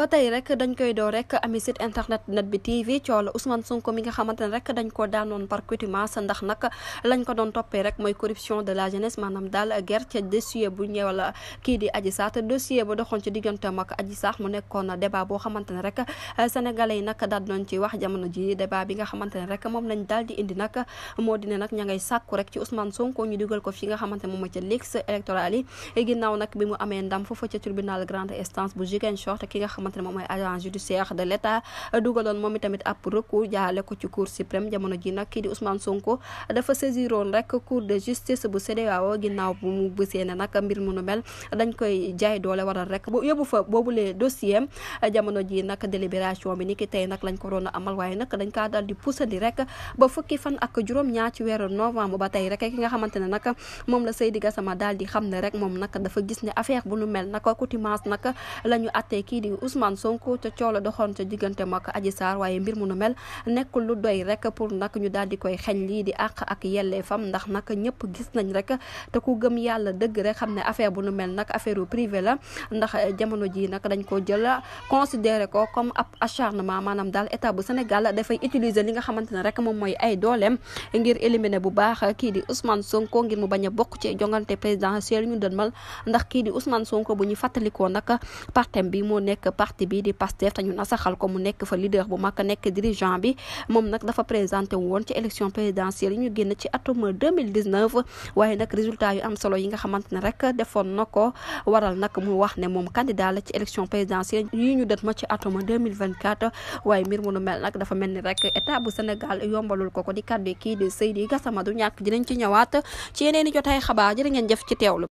ba tey rek dañ koy doo rek ami site internet net bi TV coow la Ousmane Sonko mi nga xamante ne rek dañ ko daanoon par contumace ndax nag lañ ko doon toppee rek mooy corruption de la jeunesse maanaam daal guerre ca dossier bu ñëwal kii di Adji Sarr te dossier ba doxoon ci digganteem ak Adji Sarr mu nekkoon débat boo xamante ne rek sénégalais yi nag daal doon ci wax jamono ji débat bi nga xamante ne rek moom lañ daal di indi nag moo di ne nag ña ngay sàkku rek ci Ousmane Sonko ñu dugal ko fi nga xamante ne moom mooy ca liste électorale yi ginnaaw nag bi mu amee ndam xamante ne moom mooy agent judiciaire de l' a dugaloon moom itamit ab recours jaale ko ci cour suprême jamono ji nag kii di Ousmane Sonko dafa saisiroon rek cour de justice bu CEDEAO ginnaaw bu mu bësee boobulee dossier jamono ji nag délibération bi ni ki tey nag lañ ko doon a waaye nag dañ kaa daal di rek ba fukki fan ak juróom-ñaar ci novembre ba tey rek ki nga xamante ne nag moom la Seydi Gassama daal xam ne rek moom nag dafa gis ne affaire bu nu mel nag coutumance nag la ñu attee kii Ousmane Sonko ca coola doxoon ca diggante mag Adji Sarr waaye mbir mu nu mel nekkul lu doy rek pour nag ñu daal di koy xeñ lii di àq ak yelleefam ndax nag ñëpp gis nañ rek te ku gëm yàlla dëgg rek xam ne affaire bu nu mel nag affaire privé la ndax jamono ji nag dañ ko jël considéré ko comme ab acharnement maanaam daal état bu Sénégal dafay utiliser li nga xamante ne rek moom mooy ay dooleem ngir éliminer bu baax kii di Ousmane Sonko ngir mu bañ a bokk ci jongante présidentielle ñu dënmal ndax kii di Ousmane Sonko bu ñu fàttalikoo nag bi moo nekk parti bi di Pastef te ñu nasaxal ko mu nekk fa leader bu mag nekk dirigeant bi moom nag dafa présenté woon ci élection présidentielle yi ñu génn ci atum 2019 waaye nag résultat yu am solo yi nga xamante ne rek defoon na ko waral nag mu wax ne moom candidat la ci élection présidentielle yi ñu dët ma ci atum 2024 waaye mbir mu nu mel nag dafa mel ni rek état bu Sénégal yombalul ko ko di kàddu kii di Seydi Gassama du ñàkk dinañ ci ñawaat ci yeneen i jotaay xabaar jërë ngeen jëf ci teewlu